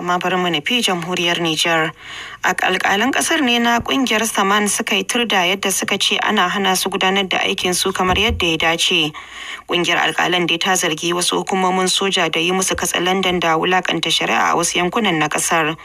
amma bari mu nufi jamhuriyar Nijar. A alƙalan ƙasar ne na ƙungiyar Saman suka yi turda yadda suka ce ana hana su gudanar da aikin su kamar yadda ya dace. Ƙungiyar alƙalan dai ta zargi wasu hukumomin soja da yi musu katsalandan da wulaƙanta shari'a a wasu yankunan na ƙasar.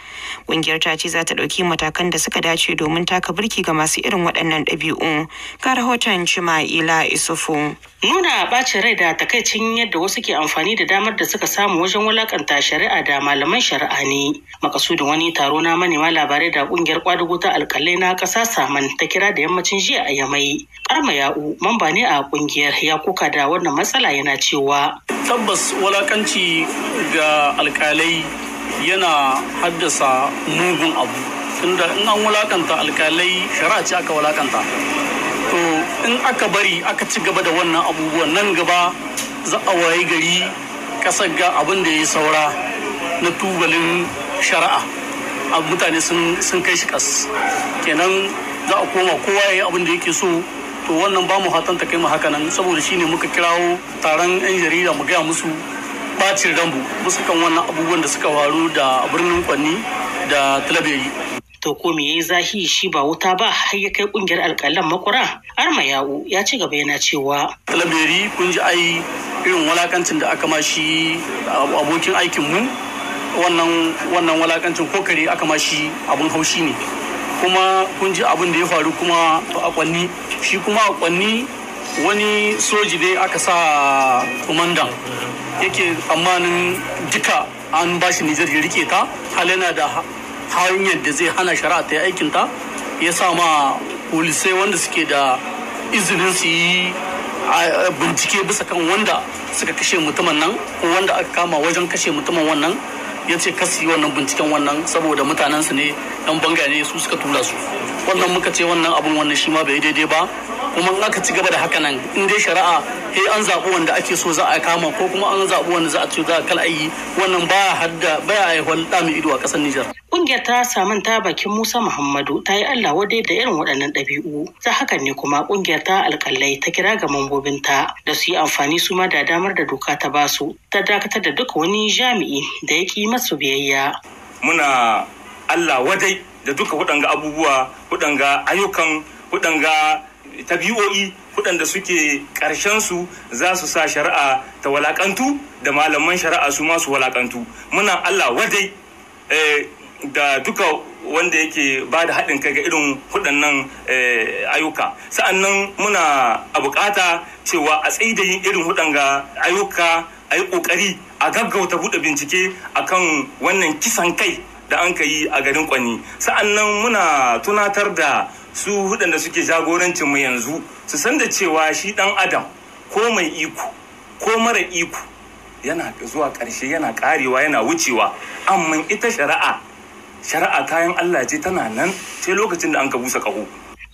Ƙungiyar ta ce za ta ɗauki matakan da suka dace domin taka birki ga masu irin waɗannan ɗabi'u. Ga rahoton ila Isufu. nuna bacin rai da takaicin yadda wasu ke amfani da damar da suka samu wajen wulakanta shari'a da malaman shari'a ne makasudin wani taro na manema labarai da ƙungiyar kwadugo ta alkalai na ƙasa saman ta kira da yammacin jiya a yamai karma ya'u mamba ne a ƙungiyar ya kuka da wannan matsala yana cewa tabbas wulakanci ga alkalai yana haddasa mugun abu tunda in an wulakanta alkalai shari'a ce aka wulakanta in aka bari aka ci gaba da wannan abubuwan nan gaba za a waye gari kasar ga abin da ya saura na tubalin shari'a mutane sun kai shi kas kenan za a koma kowa ya yi abin da yake so to wannan ba mu hatan ta kai mu haka nan saboda ne muka kirawo taron yan jarida mu gaya musu bacin rambu musu kan wannan abubuwan da suka faru da birnin kwanni da talabiri to ko me yayi zahi shi ba wuta ba har ya kai kungiyar alƙalan makura arma yawo ya ci gaba yana cewa talabiri kun ji ai irin walakancin da aka mashi abokin aikin mu wannan wannan walakancin ko kare aka mashi abun haushi ne kuma kun ji abin da ya faru kuma a kwanni shi kuma a kwanni wani soji dai aka sa kumandan yake tsammanin duka an bashi nijar ya rike ta yana da hanyar da zai hana shari'a ta yi ta ya sa ma polisai wanda suke da izinin su yi bincike bisa kan wanda suka kashe mutumin nan ko wanda aka kama wajen kashe mutumin wannan ya ce kasi wannan binciken wannan saboda mutanen su ne yan bangare su suka tura su wannan muka ce wannan abun wannan shi ma bai daidai ba kuma in aka ci gaba da haka nan in dai shari'a he an zaɓi wanda ake so za a kama ko kuma an zaɓi wanda za a ce za a kal ayi wannan baya hadda baya haihuwar ɗami ido a ƙasar Nijar. Ƙungiyar ta samun ta bakin Musa Muhammadu ta yi Allah wadai da irin waɗannan ɗabi'u. Ta hakan ne kuma ƙungiyar ta alƙalai ta kira ga mambobin ta da su yi amfani su ma da damar da doka ta basu ta dakatar da duka wani jami'i da ya ƙi masu biyayya. Muna Allah wadai da duka waɗanga abubuwa waɗanga ayyukan waɗanga tabi'o'i waɗanda suke su za su sa shari'a ta walakantu da malaman shari'a su masu walakantu muna Allah wadai eh, da duka wanda yake ba da haɗin kai ga irin waɗannan eh, ayyuka sa'annan muna a buƙata cewa a tsaida yin irin waɗanga ayyuka a yi ƙoƙari a gaggauta buɗe bincike akan wannan kisan kai da an yi a garin kwani sa'an nan muna tunatar da su hudanda suke jagorancin mu yanzu su san da cewa shi dan adam ko mai iko ko mara iko yana zuwa karshe yana karewa yana wucewa amma ita shari'a shari'a kayan Allah ce tana nan ce lokacin da an ka busa kahu.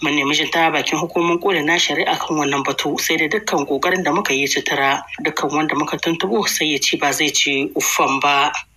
mun nemi jin ta bakin hukumar koda na shari'a kan wannan batu sai da dukkan kokarin da muka yi sutura dukkan wanda muka tuntubo sai ya ce ba zai ci uffan ba